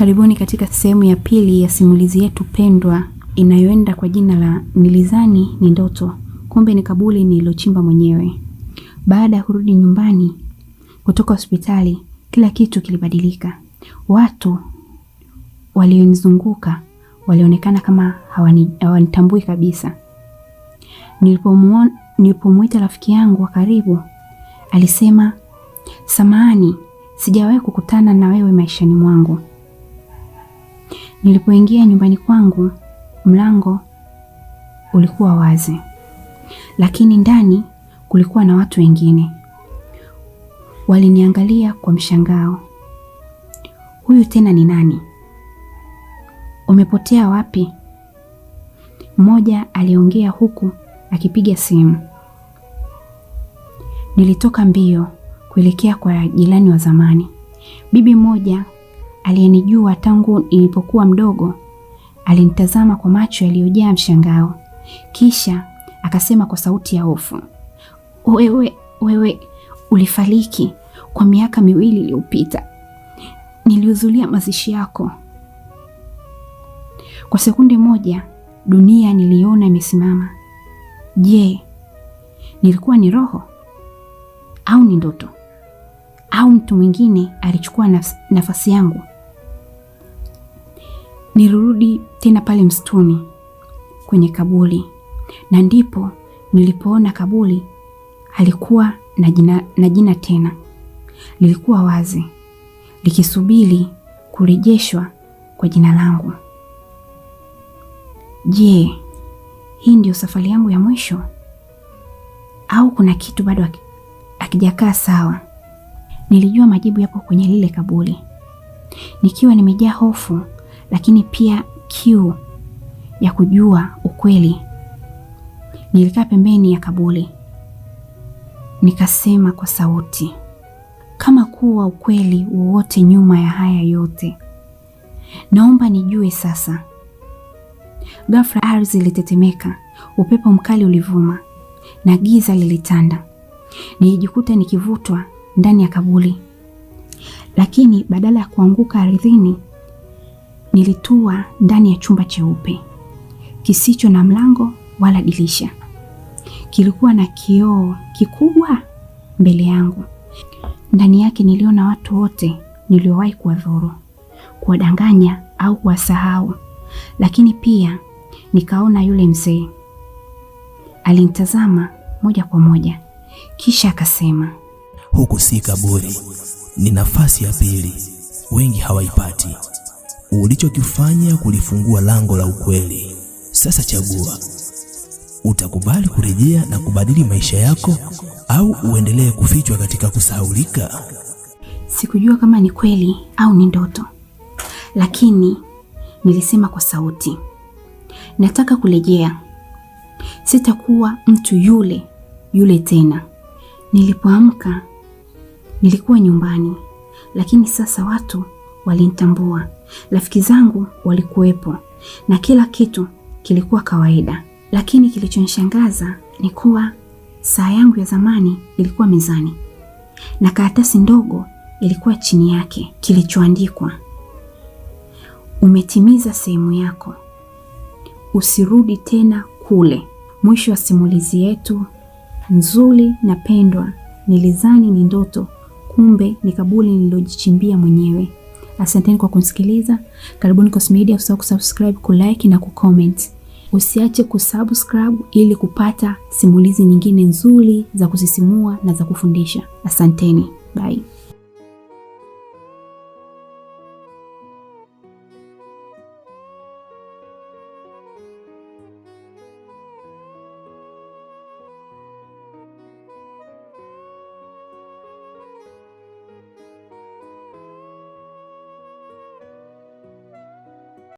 Karibuni katika sehemu ya pili ya simulizi yetu pendwa inayoenda kwa jina la Nilizani ni ndoto, kumbe ni kaburi nililochimba mwenyewe. Baada ya kurudi nyumbani kutoka hospitali, kila kitu kilibadilika. Watu walionizunguka walionekana kama hawani, hawanitambui kabisa. Nilipomuona, nilipomwita rafiki yangu wa karibu, alisema, samahani, sijawahi kukutana na wewe maishani mwangu Nilipoingia nyumbani kwangu, mlango ulikuwa wazi, lakini ndani kulikuwa na watu wengine. Waliniangalia kwa mshangao. Huyu tena ni nani? Umepotea wapi? Mmoja aliongea huku akipiga simu. Nilitoka mbio kuelekea kwa jirani wa zamani. Bibi mmoja aliyenijua tangu nilipokuwa mdogo alinitazama kwa macho yaliyojaa mshangao, kisha akasema kwa sauti ya hofu, wewe wewe ulifariki kwa miaka miwili iliyopita, nilihudhuria mazishi yako. Kwa sekunde moja dunia niliona imesimama. Je, nilikuwa ni roho au ni ndoto? au mtu mwingine alichukua nafasi yangu. Nilirudi tena pale msituni kwenye kaburi, na ndipo nilipoona kaburi alikuwa na jina, na jina tena lilikuwa wazi likisubiri kurejeshwa kwa jina langu. Je, hii ndiyo safari yangu ya mwisho au kuna kitu bado akijakaa sawa? Nilijua majibu yapo kwenye lile kaburi, nikiwa nimejaa hofu, lakini pia kiu ya kujua ukweli. Nilikaa pembeni ya kaburi, nikasema kwa sauti, kama kuwa ukweli wowote nyuma ya haya yote, naomba nijue sasa. Ghafla ardhi ilitetemeka, upepo mkali ulivuma na giza lilitanda. Nilijikuta nikivutwa ndani ya kaburi, lakini badala ya kuanguka ardhini, nilitua ndani ya chumba cheupe kisicho na mlango wala dirisha. Kilikuwa na kioo kikubwa mbele yangu. Ndani yake niliona watu wote niliowahi kuwadhuru, kuwadanganya au kuwasahau, lakini pia nikaona yule mzee alinitazama moja kwa moja, kisha akasema huku si kaburi, ni nafasi ya pili, wengi hawaipati. Ulichokifanya kulifungua lango la ukweli. Sasa chagua, utakubali kurejea na kubadili maisha yako au uendelee kufichwa katika kusahaulika. Sikujua kama ni kweli au ni ndoto, lakini nilisema kwa sauti, nataka kurejea, sitakuwa mtu yule yule tena. Nilipoamka Nilikuwa nyumbani, lakini sasa watu walinitambua, rafiki zangu walikuwepo na kila kitu kilikuwa kawaida. Lakini kilichonishangaza ni kuwa saa yangu ya zamani ilikuwa mezani na karatasi ndogo ilikuwa chini yake, kilichoandikwa: umetimiza sehemu yako, usirudi tena kule. Mwisho wa simulizi yetu nzuri na pendwa, nilizani ni ndoto kumbe ni kaburi nililojichimbia mwenyewe. Asanteni kwa kunisikiliza. Karibuni Cossy Media, usisahau kusubscribe, kulike na kucomment. Usiache kusubscribe ili kupata simulizi nyingine nzuri za kusisimua na za kufundisha. Asanteni, bye.